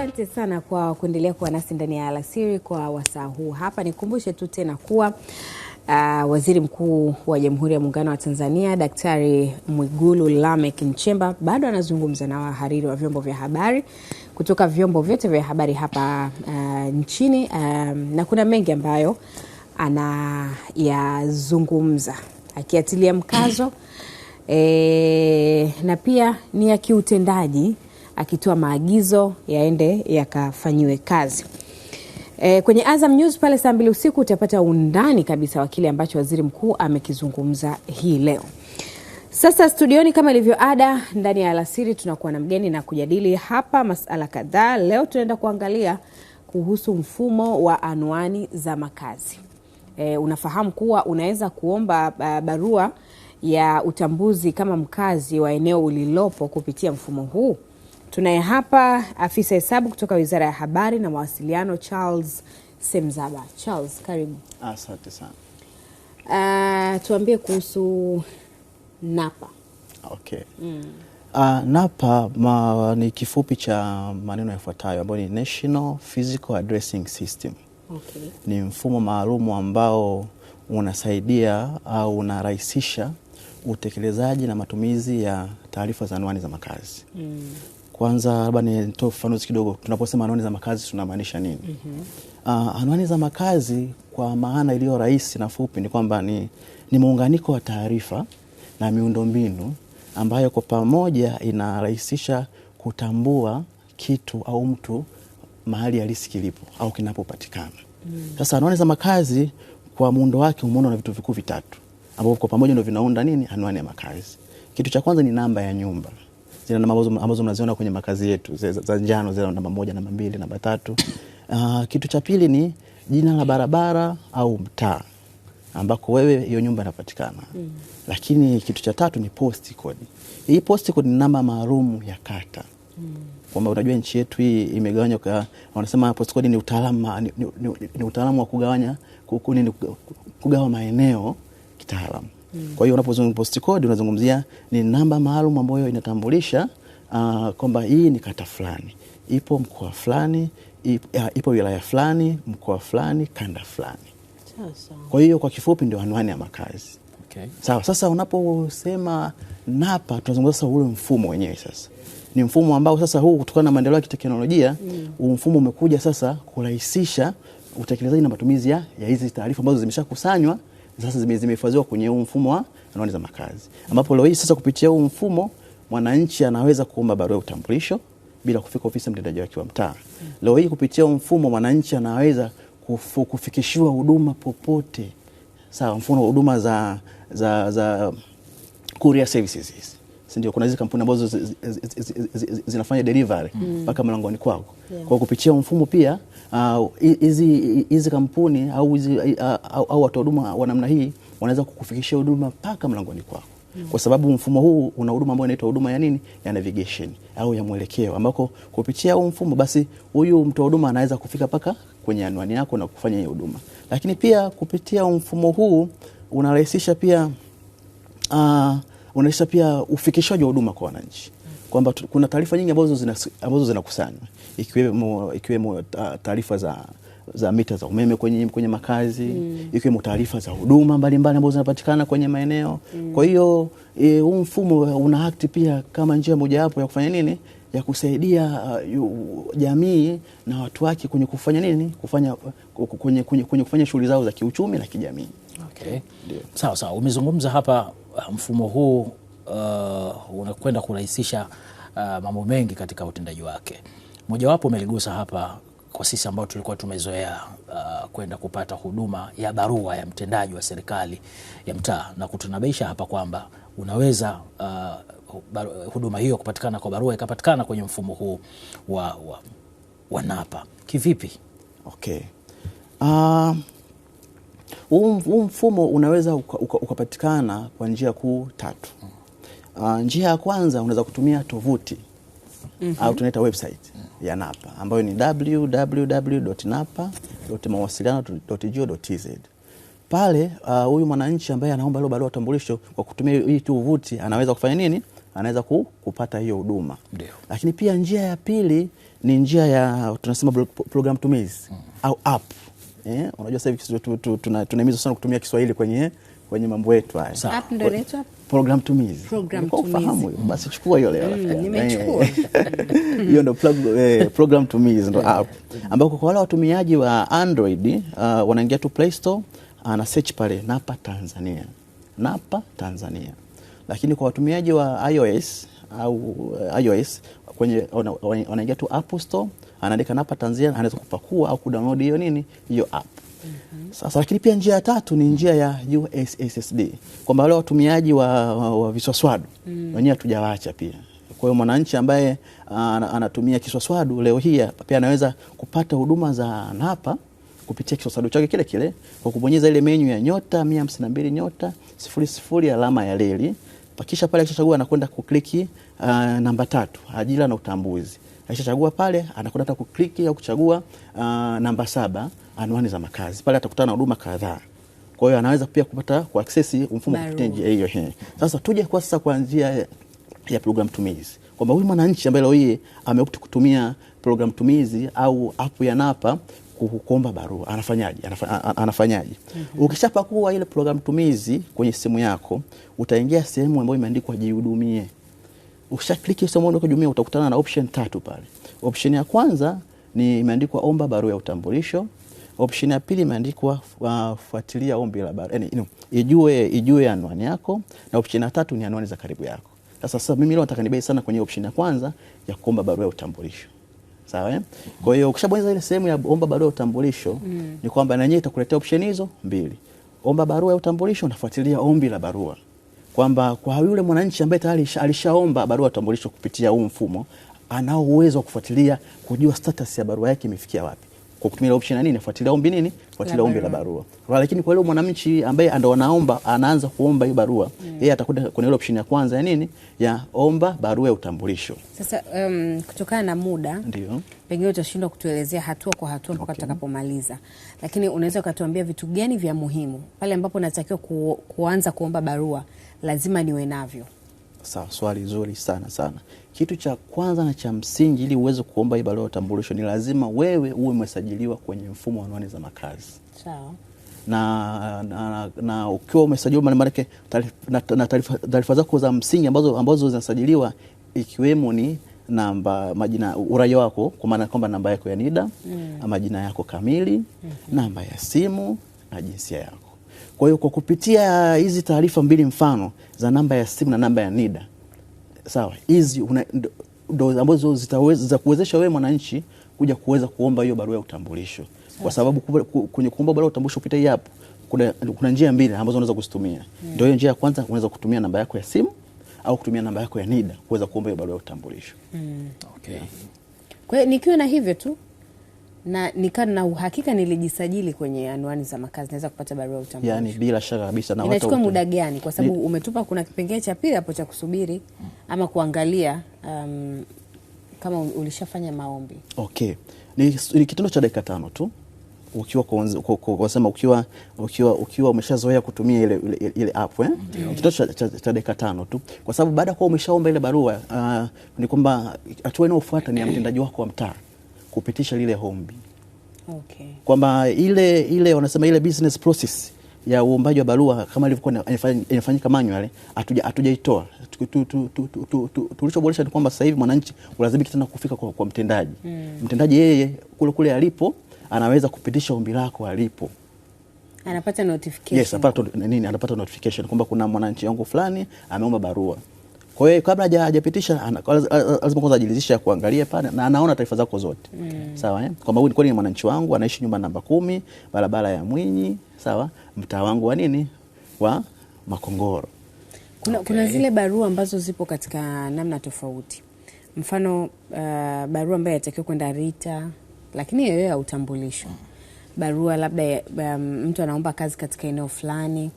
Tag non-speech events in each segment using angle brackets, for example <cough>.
Asante sana kwa kuendelea kuwa nasi ndani ya alasiri kwa wasaa huu hapa. Nikumbushe tu tena kuwa Uh, Waziri Mkuu wa Jamhuri ya Muungano wa Tanzania Daktari Mwigulu lamek Nchemba bado anazungumza na wahariri wa vyombo vya habari kutoka vyombo vyote vya habari hapa uh, nchini uh, na kuna mengi ambayo anayazungumza akiatilia mkazo e, na pia ni ya kiutendaji akitoa maagizo yaende yakafanyiwe kazi. E, kwenye Azam News pale saa mbili usiku utapata undani kabisa wa kile ambacho waziri mkuu amekizungumza hii leo. Sasa studioni, kama ilivyo ada, ndani ya alasiri tunakuwa na mgeni na kujadili hapa masala kadhaa. Leo tunaenda kuangalia kuhusu mfumo wa anwani za makazi. E, unafahamu kuwa unaweza kuomba barua ya utambuzi kama mkazi wa eneo ulilopo kupitia mfumo huu. Tunaye hapa afisa hesabu kutoka Wizara ya Habari na Mawasiliano, Charles Semzaba. Charles, karibu. Asante sana. Uh, tuambie kuhusu NaPA. Okay. Mm. Uh, NaPA ma, ni kifupi cha maneno yafuatayo ambayo ni National Physical Addressing System. Okay. Ni mfumo maalum ambao unasaidia au unarahisisha utekelezaji na matumizi ya taarifa za anwani za makazi. Mm. Kwanza labda nitoe ufafanuzi kidogo, tunaposema anwani za makazi tunamaanisha nini? mm -hmm. Uh, anwani za makazi kwa maana iliyo rahisi na fupi ni kwamba ni, ni muunganiko wa taarifa na miundombinu ambayo kwa pamoja inarahisisha kutambua kitu au mtu mahali halisi kilipo au kinapopatikana. Mm. Sasa mm. anwani za makazi kwa muundo wake umeona na vitu vikuu vitatu ambavyo kwa pamoja ndio vinaunda nini anwani ya makazi. Kitu cha kwanza ni namba ya nyumba zile namba ambazo mnaziona kwenye makazi yetu za njano, zile namba moja, namba mbili, namba tatu. Uh, kitu cha pili ni jina la barabara au mtaa ambako wewe hiyo nyumba inapatikana mm. Lakini kitu cha tatu ni postcode. Hii postcode ni namba maalum ya kata mm. Kwamba unajua nchi yetu hii imegawanywa, wanasema postcode ni utaalamu, ni, ni, ni, ni utaalamu wa kugawanya kukuni, kugawa maeneo kitaalamu. Mm. Kwa hiyo unapozungumzia post code unazungumzia ni namba maalum ambayo inatambulisha uh, kwamba hii ni kata fulani ipo mkoa fulani ah, ipo wilaya fulani mkoa fulani kanda fulani. Kwa hiyo kwa kifupi ndio anwani ya makazi. Okay. Sawa, sasa unaposema NaPA tunazungumza sasa ule mfumo wenyewe sasa ni mfumo ambao sasa huu kutokana na maendeleo ya kiteknolojia mm. mfumo umekuja sasa kurahisisha utekelezaji na matumizi ya hizi taarifa ambazo zimeshakusanywa sasa zimehifadhiwa kwenye huu mfumo wa anwani za makazi, ambapo leo hii sasa kupitia huu mfumo mwananchi anaweza kuomba barua ya utambulisho bila kufika ofisi ya mtendaji wake wa mtaa. Leo hii kupitia huu mfumo mwananchi anaweza kufu, kufikishiwa huduma popote, sawa, mfano huduma za, za, za courier services Sindio, kuna hizi kampuni ambazo zinafanya delivery mm. mpaka mm. mlangoni kwako. yeah. Kwa kupitia mfumo pia uh, hizi uh, hizi kampuni au hizi uh, au watu huduma wa namna hii wanaweza kukufikishia huduma mpaka mlangoni kwako mm. kwa sababu mfumo huu una huduma ambayo inaitwa huduma ya nini, ya navigation au ya mwelekeo, ambako kupitia huu mfumo basi huyu mtoa huduma anaweza kufika mpaka kwenye anwani yako na kufanya hiyo huduma. Lakini pia kupitia mfumo huu unarahisisha pia uh, unaisha pia ufikishaji wa huduma kwa wananchi kwamba kuna taarifa nyingi ambazo zinakusanywa ikiwemo, ikiwemo uh, taarifa za, za mita za umeme kwenye, kwenye makazi mm. ikiwemo taarifa za huduma mbalimbali ambazo zinapatikana kwenye maeneo mm. kwa hiyo e, huu mfumo una akti pia kama njia mojawapo ya kufanya nini ya kusaidia uh, jamii na watu wake kwenye kufanya nini kufanya, kwenye, kwenye, kwenye kufanya shughuli zao za kiuchumi na kijamii. Okay. Sawa sawa, umezungumza hapa Uh, mfumo huu uh, unakwenda kurahisisha uh, mambo mengi katika utendaji wake. Mojawapo umeligusa hapa kwa sisi ambao tulikuwa tumezoea uh, kwenda kupata huduma ya barua ya mtendaji wa serikali ya mtaa, na kutunabaisha hapa kwamba unaweza uh, huduma hiyo kupatikana kwa barua ikapatikana kwenye mfumo huu wa, wa, wa NaPA kivipi? Okay. uh... Huu mfumo unaweza ukapatikana uka, uka kwa njia kuu tatu. Uh, njia ya kwanza unaweza kutumia tovuti mm -hmm. au tunaita website ya NAPA ambayo ni www.napa.mawasiliano.go.tz. Pale ah, huyu uh, mwananchi ambaye anaomba ile barua utambulisho kwa kutumia hii tovuti anaweza kufanya nini? Anaweza kupata hiyo huduma. Lakini pia njia ya pili ni njia ya tunasema program tumizi mm -hmm. au app Eh, unajua sasa hivi tu, tu, tu, tunahimizwa sana kutumia Kiswahili kwenye kwenye mambo yetu haya. App ndio inaitwa program tumizi. Program tumizi. Ufahamu hiyo. Basi chukua hiyo leo mm, Nimechukua. Eh, eh. Hiyo ndio eh, program tumizi ndio app ambako kwa wale watumiaji wa Android uh, wanaingia tu Play Store ana uh, search pale Napa Tanzania. Napa Tanzania. Lakini kwa watumiaji wa iOS au uh, iOS kwenye wanaingia tu App Store anaandika NAPA Tanzania, anaweza kupakua au kudownload hiyo nini hiyo app. Mm-hmm. Sasa lakini pia njia ya tatu ni njia ya USSD kwamba wale watumiaji wa, wa, wa viswaswadu mm. wenyewe hatujawaacha pia. Kwa hiyo mwananchi ambaye anatumia kiswaswadu leo hii pia anaweza kupata huduma za NAPA kupitia kiswaswadu chake kile kile kwa kubonyeza ile menyu ya nyota 152 nyota sifuri sifuri alama ya leli, pakisha pale akishachagua anakwenda kukliki uh, namba tatu, ajira na utambuzi akishachagua pale anakwenda hata kukliki au kuchagua uh, namba saba, anwani za makazi pale, atakutana na huduma kadhaa. Kwa hiyo anaweza pia kupata kuaksesi mfumo kupitia njia hiyo. Sasa tuje kwa sasa kwa njia ya program tumizi kwamba huyu mwananchi ambaye leo hii ameopti kutumia program tumizi au app ya NAPA kuomba barua anafanyaje? Anafanyaje? mm -hmm. Ukishapakua ile program tumizi kwenye simu yako, utaingia sehemu ambayo imeandikwa jihudumie. mm-hmm ukishakliki somoni lako jumuiya utakutana na option tatu pale. Option ya kwanza ni imeandikwa omba barua ya utambulisho. Option ya pili imeandikwa uh, fuatilia ombi la barua. Yaani ijue ijue anwani yako na option ya tatu ni anwani za karibu yako. Sasa sasa mimi leo nataka nibei sana kwenye option ya kwanza ya kuomba barua ya utambulisho. Sawa eh? Kwa hiyo ukishabonyeza ile sehemu ya omba barua ya utambulisho mm, ni kwamba na yenyewe itakuletea option hizo mbili. Omba barua ya utambulisho nafuatilia ombi la barua kwamba kwa yule mwananchi ambaye tayari alishaomba barua ya utambulisho kupitia huu mfumo, anao uwezo wa kufuatilia kujua status ya barua yake imefikia wapi kwa kutumia option ya nini, fuatilia ombi nini, fuatilia ombi la barua. Lakini kwa yule mwananchi ambaye ndo anaomba anaanza kuomba hii barua yeye, yeah, atakuta kuna ile option ya kwanza ya nini, ya omba barua ya utambulisho. Sasa um, kutokana na muda ndio pengine utashindwa kutuelezea hatua kwa hatua mpaka okay, tutakapomaliza, Lakini unaweza ukatuambia vitu gani vya muhimu pale ambapo natakiwa ku, kuanza kuomba barua lazima niwe navyo? Sawa, swali zuri sana sana. Kitu cha kwanza na cha msingi, ili uweze kuomba hii barua ya utambulisho, ni lazima wewe uwe umesajiliwa kwenye mfumo wa anwani za makazi. Sawa. Na, na, na ukiwa umesajiliwa maana yake na taarifa zako za msingi ambazo, ambazo zinasajiliwa ikiwemo ni namba majina, uraia wako, kwa maana kwamba namba yako ya NIDA mm. majina yako kamili mm -hmm. namba ya simu na jinsia yako kwa hiyo kwa kupitia hizi taarifa mbili, mfano za namba ya simu na namba ya NIDA, sawa, hizi ndo ambazo zitaweza kuwezesha wewe mwananchi kuja kuweza kuomba hiyo barua ya utambulisho, kwa sababu kwenye kuomba barua ya utambulisho kupitia hapo kuna, kuna njia mbili ambazo unaweza kuzitumia. Hmm. Ndio hiyo njia ya kwanza, unaweza kutumia namba yako ya simu au kutumia namba yako ya NIDA kuweza kuomba hiyo barua ya utambulisho. Mm. Okay. Yeah. Kwa hiyo nikiwa na hivyo tu na nika na uhakika nilijisajili kwenye anwani za makazi, naweza kupata barua ya utambulisho. Yani bila shaka kabisa. Na inachukua muda gani? Kwa sababu umetupa kuna kipengele cha pili hapo cha kusubiri ama kuangalia um, kama ulishafanya maombi. Okay, ni, ni kitendo cha dakika tano tu ukiwa kwa ukiwa ukiwa ukiwa umeshazoea kutumia ile ile, ile app eh? mm. Kitendo cha, cha, cha dakika tano tu, kwa sababu baada ya kuwa umeshaomba ile barua uh, ni kwamba hatua inayofuata ni ya mtendaji wako wa mtaa kupitisha lile ombi okay. Kwamba ile ile wanasema ile business process ya uombaji wa barua kama ilivyokuwa inafanyika manual, hatujaitoa. Tulichoboresha ni kwamba sasa hivi mwananchi ulazimiki tena kufika kwa, kwa mtendaji mm. Mtendaji yeye kule kule alipo anaweza kupitisha ombi lako alipo anapata notification. Yes, anapata, nini, anapata notification kwamba kuna mwananchi wangu fulani ameomba barua. Kwa hiyo kabla hajapitisha lazima kwanza ajiridhishe kuangalia pale na anaona taarifa zako zote. Mm. Sawa eh? Kwamba huyu kweli ni mwananchi wangu, anaishi nyumba namba kumi, barabara ya Mwinyi, sawa? Mtaa wangu wa nini? Wa Makongoro. Kuna, okay. Kuna zile barua ambazo zipo katika namna tofauti. Mfano uh, barua ambayo inatakiwa kwenda RITA lakini yeye ya utambulisho. Barua labda ya, um, mtu anaomba kazi katika eneo fulani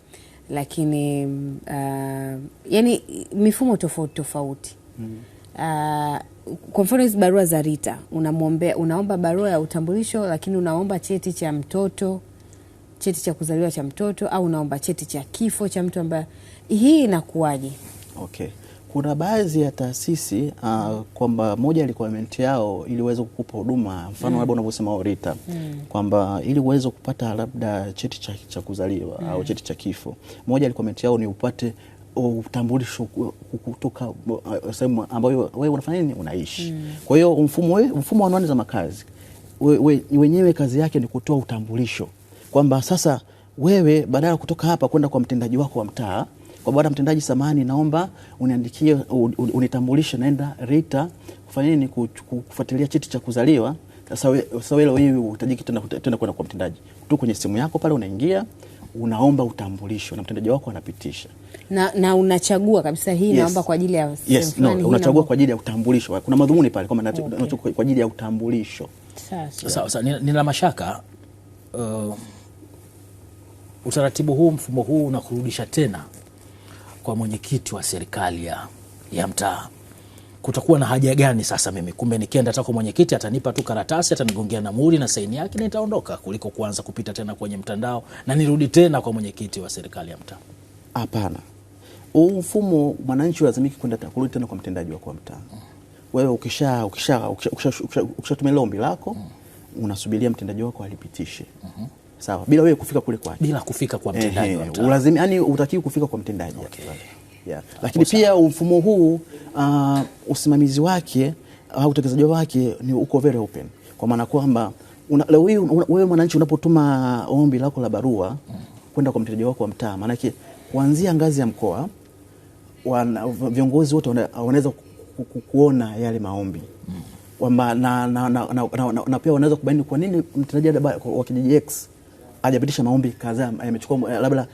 lakini uh, yani mifumo tofauti tofauti mm. Uh, kwa mfano hizi barua za Rita unamwombea, unaomba barua ya utambulisho, lakini unaomba cheti cha mtoto, cheti cha kuzaliwa cha mtoto, au unaomba cheti cha kifo cha mtu ambaye, hii inakuwaje? Okay. Kuna baadhi ya taasisi uh, kwamba moja ya requirement yao ili uweze kukupa huduma mfano mm. labda mm. unavyosema Orita mm. kwamba ili uweze kupata labda cheti cha, cha kuzaliwa mm. au cheti cha kifo, moja ya requirement yao ni upate utambulisho kutoka uh, sehemu ambayo wewe unafanya nini unaishi. mm. Kwa hiyo mfumo mfumo wa anwani za makazi we, we, wenyewe kazi yake ni kutoa utambulisho kwamba sasa wewe badala ya kutoka hapa kwenda kwa mtendaji wako wa mtaa kwa bwana mtendaji, samani, naomba uniandikie unitambulishe, naenda RITA kufanya nini, kufuatilia cheti cha kuzaliwa. Sasa wewe utajiki tena kwenda kwa mtendaji tu, kwenye simu yako pale unaingia unaomba utambulisho na mtendaji wako anapitisha na, na unachagua kabisa hii yes. Naomba kwa ajili ya yes, no, unachagua kwa ajili ya utambulisho, kuna madhumuni pale kwamba okay. Kwa ajili ya utambulisho sawa sawa. Nina, nina mashaka uh, utaratibu huu mfumo huu unakurudisha tena kwa mwenyekiti wa serikali ya, ya mtaa kutakuwa na haja gani sasa? Mimi kumbe nikienda hata kwa mwenyekiti atanipa tu karatasi, atanigongea na muhuri na saini yake na itaondoka, kuliko kuanza kupita tena kwenye mtandao na nirudi tena kwa mwenyekiti wa serikali ya mtaa. Hapana, huu mfumo mwananchi lazimiki kwenda kurudi tena kwa mtendaji wako wa mtaa. Wewe ukisha ukisha ukishatumia ukisha, ukisha, ukisha ombi lako mm. unasubiria mtendaji wako alipitishe. mm -hmm. Sawa, bila wewe kufika kule kwake, bila kufika kwa mtendaji wa mtaa. Ulazimi, yani utakiwi kufika kwa mtendaji. Okay. Yeah. Lakini pia mfumo huu uh, usimamizi wake au uh, utekelezaji wake ni uko very open kwa maana kwamba wewe mwananchi unapotuma ombi lako la barua mm. kwenda kwa mtendaji wako wa mtaa, maanake kuanzia ngazi ya mkoa wana, viongozi wote wanaweza kuona yale maombi mm. kwamba na, na, na, na, na, na, na pia wanaweza kubaini kwa nini mtendaji wa kijiji X hajapitisha maombi kadhaa yamechukua eh, labda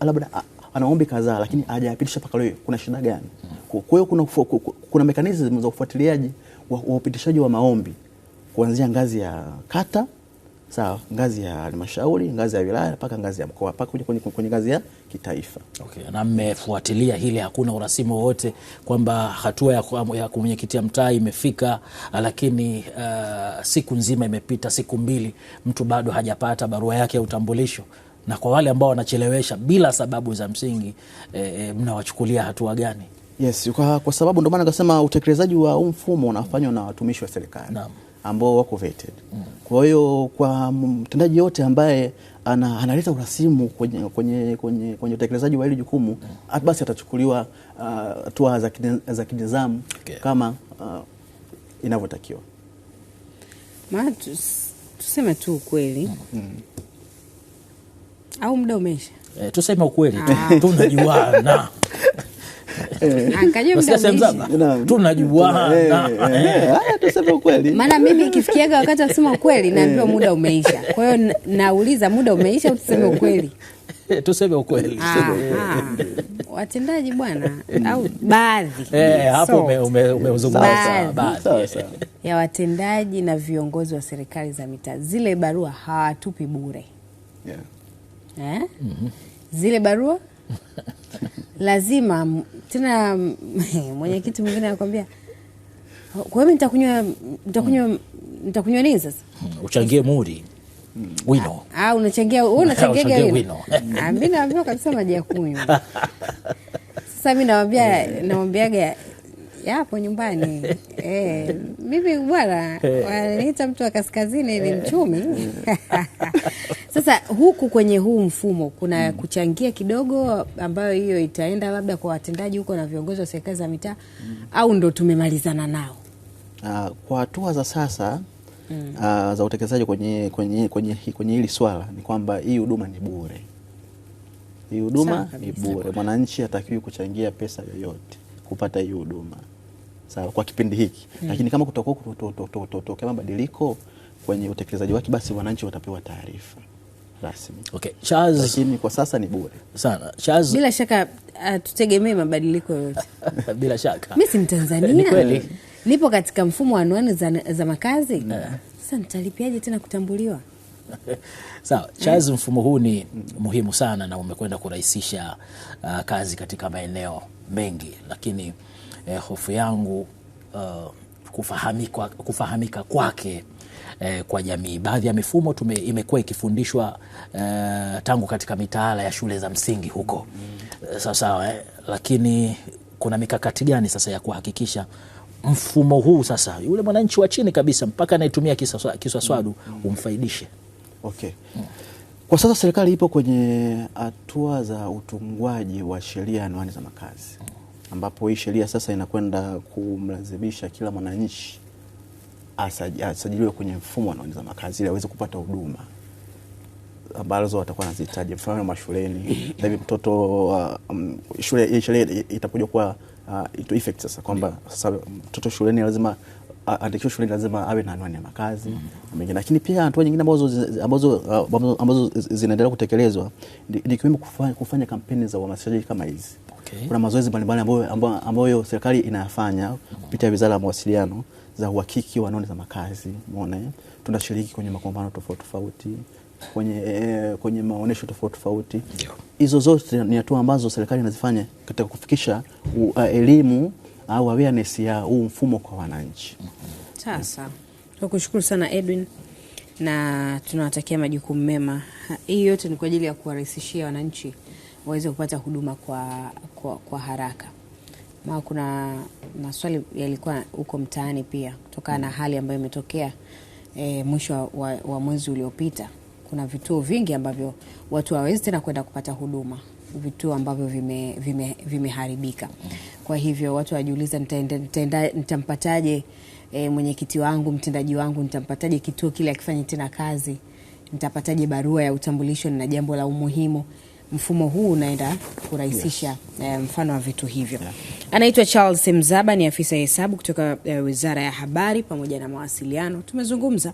labda ah, ana maombi kadhaa lakini hajayapitisha mpaka leo. Kuna shida gani? Kwa hiyo kuna, kuna mekanizmu za ufuatiliaji wa upitishaji wa maombi kuanzia ngazi ya kata sawa, ngazi ya halmashauri, ngazi ya wilaya mpaka ngazi ya mkoa mpaka kwenye ngazi ya kitaifa. Okay, na mmefuatilia hili, hakuna urasimu wowote kwamba hatua ya, ya mwenyekiti mtaa imefika, lakini uh, siku nzima imepita, siku mbili, mtu bado hajapata barua yake ya utambulisho na kwa wale ambao wanachelewesha bila sababu za msingi eh, eh mnawachukulia hatua gani? Yes, kwa, kwa sababu ndio maana utekelezaji wa huu mfumo unafanywa na watumishi wa serikali. Naam ambao wako vetted. Kwa hiyo kwa mtendaji yote ambaye ana, analeta urasimu kwenye, kwenye, kwenye, kwenye utekelezaji wa hili jukumu mm. basi atachukuliwa uh, hatua uh, za kinizamu okay. kama uh, inavyotakiwa. Maana tuseme tu ukweli mm. au muda umeisha? Eh, tuseme ukweli ah. tunajuana <laughs> Eh. Ah, tunajuana eh, eh, kweli, maana mimi ikifikiaga wakati asema ukweli naambiwa muda umeisha. Kwa hiyo nauliza muda umeisha, tuseme ukweli tuseme ukweli, ah, ah. watendaji bwana, mm. au baadhi hapo ya watendaji na viongozi wa serikali za mitaa, zile barua hawatupi bure yeah. eh? mm -hmm. zile barua <laughs> lazima tena <laughs> mwenyekiti mwingine anakwambia kwa hiyo nitakunywa nitakunywa nitakunywa nini sasa? Hmm, uchangie muri wino. Ah, ah unachangia wewe unachangia <laughs> wino. Ah, mimi naambia kabisa maji ya kunywa. Sasa mimi naambia nawaambiaga yapo nyumbani <laughs> e, mimi bwana eh. waniita mtu wa kaskazini ni eh. mchumi <laughs> <laughs> sasa huku kwenye huu mfumo kuna kuchangia kidogo ambayo hiyo itaenda labda kwa watendaji huko na viongozi wa serikali za mitaa mm. au ndo tumemalizana nao uh, kwa hatua za sasa mm. uh, za utekelezaji kwenye, kwenye, kwenye, kwenye hili swala ni kwamba hii huduma ni bure hii huduma ni bure mwananchi hatakiwi kuchangia pesa yoyote kupata hii huduma sawa, kwa kipindi hiki mm. Lakini kama kutakuwa kutotokea mabadiliko kwenye utekelezaji wake, basi wananchi watapewa taarifa rasmi. Okay. Charles... lakini kwa sasa ni bure sana Charles... bila shaka uh, tutegemee mabadiliko yote <laughs> bila shaka mimi si Mtanzania ni kweli nipo katika mfumo wa anwani za, za makazi nah. Sasa nitalipiaje tena kutambuliwa? <laughs> Sawa Charles, hmm. mfumo huu ni hmm. muhimu sana na umekwenda kurahisisha uh, kazi katika maeneo mengi lakini eh, hofu yangu uh, kufahamika, kufahamika kwake eh, kwa jamii. Baadhi ya mifumo tume, imekuwa ikifundishwa eh, tangu katika mitaala ya shule za msingi huko mm. Eh, Sawasawa eh, lakini kuna mikakati gani sasa ya kuhakikisha mfumo huu sasa yule mwananchi wa chini kabisa mpaka anayetumia kiswaswadu umfaidishe? Okay. Mm. Kwa sasa serikali ipo kwenye hatua za utungwaji wa sheria anuani za makazi mm ambapo hii sheria sasa inakwenda kumlazimisha kila mwananchi asajiliwe kwenye mfumo wa za makazi ili aweze kupata huduma ambazo watakuwa nazihitaji, mfano mashuleni. Hivi mtoto uh, um, shule sheria itakuja kuwa uh, ito effect sasa kwamba sasa mtoto shuleni lazima atakiwa shule lazima awe na anwani ya makazi mm -hmm. mengine, lakini pia hatua nyingine ambazo, uh, ambazo, ambazo, zinaendelea kutekelezwa ni kufanya, kufanya kampeni za uhamasishaji kama hizi okay. Kuna mazoezi mbalimbali ambayo, ambayo, ambayo serikali inayafanya kupitia wizara ya mawasiliano za uhakiki wa anwani za makazi. Umeona, eh? tunashiriki kwenye makongamano tofauti tofauti kwenye, eh, kwenye maonyesho tofauti tofauti. Hizo zote ni hatua ambazo serikali inazifanya katika kufikisha eh, elimu uh, au awareness ya huu mfumo kwa wananchi. Sasa tukushukuru sana Edwin na tunawatakia majukumu mema. Hii yote ni kwa ajili ya kuwarahisishia wananchi waweze kupata huduma kwa, kwa, kwa haraka. Ma kuna maswali yalikuwa huko mtaani pia kutokana na hali ambayo imetokea e, mwisho wa, wa mwezi uliopita. Kuna vituo vingi ambavyo watu hawawezi tena kwenda kupata huduma vitu ambavyo vimeharibika vime, vime kwa hivyo watu wajiuliza nitampataje e, mwenyekiti wangu mtendaji wangu nitampataje kituo kile akifanya tena kazi nitapataje barua ya utambulisho na jambo la umuhimu mfumo huu unaenda kurahisisha yes. E, mfano wa vitu hivyo yeah. Anaitwa Charles Mzaba, ni afisa ya hesabu kutoka e, Wizara ya Habari pamoja na Mawasiliano. Tumezungumza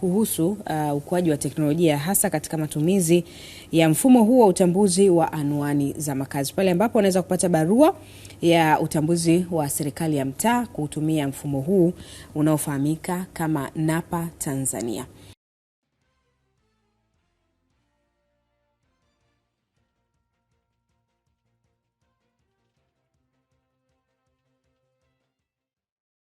kuhusu uh, ukuaji wa teknolojia hasa katika matumizi ya mfumo huu wa utambuzi wa anwani za makazi, pale ambapo unaweza kupata barua ya utambuzi wa serikali ya mtaa kuutumia mfumo huu unaofahamika kama NaPA Tanzania.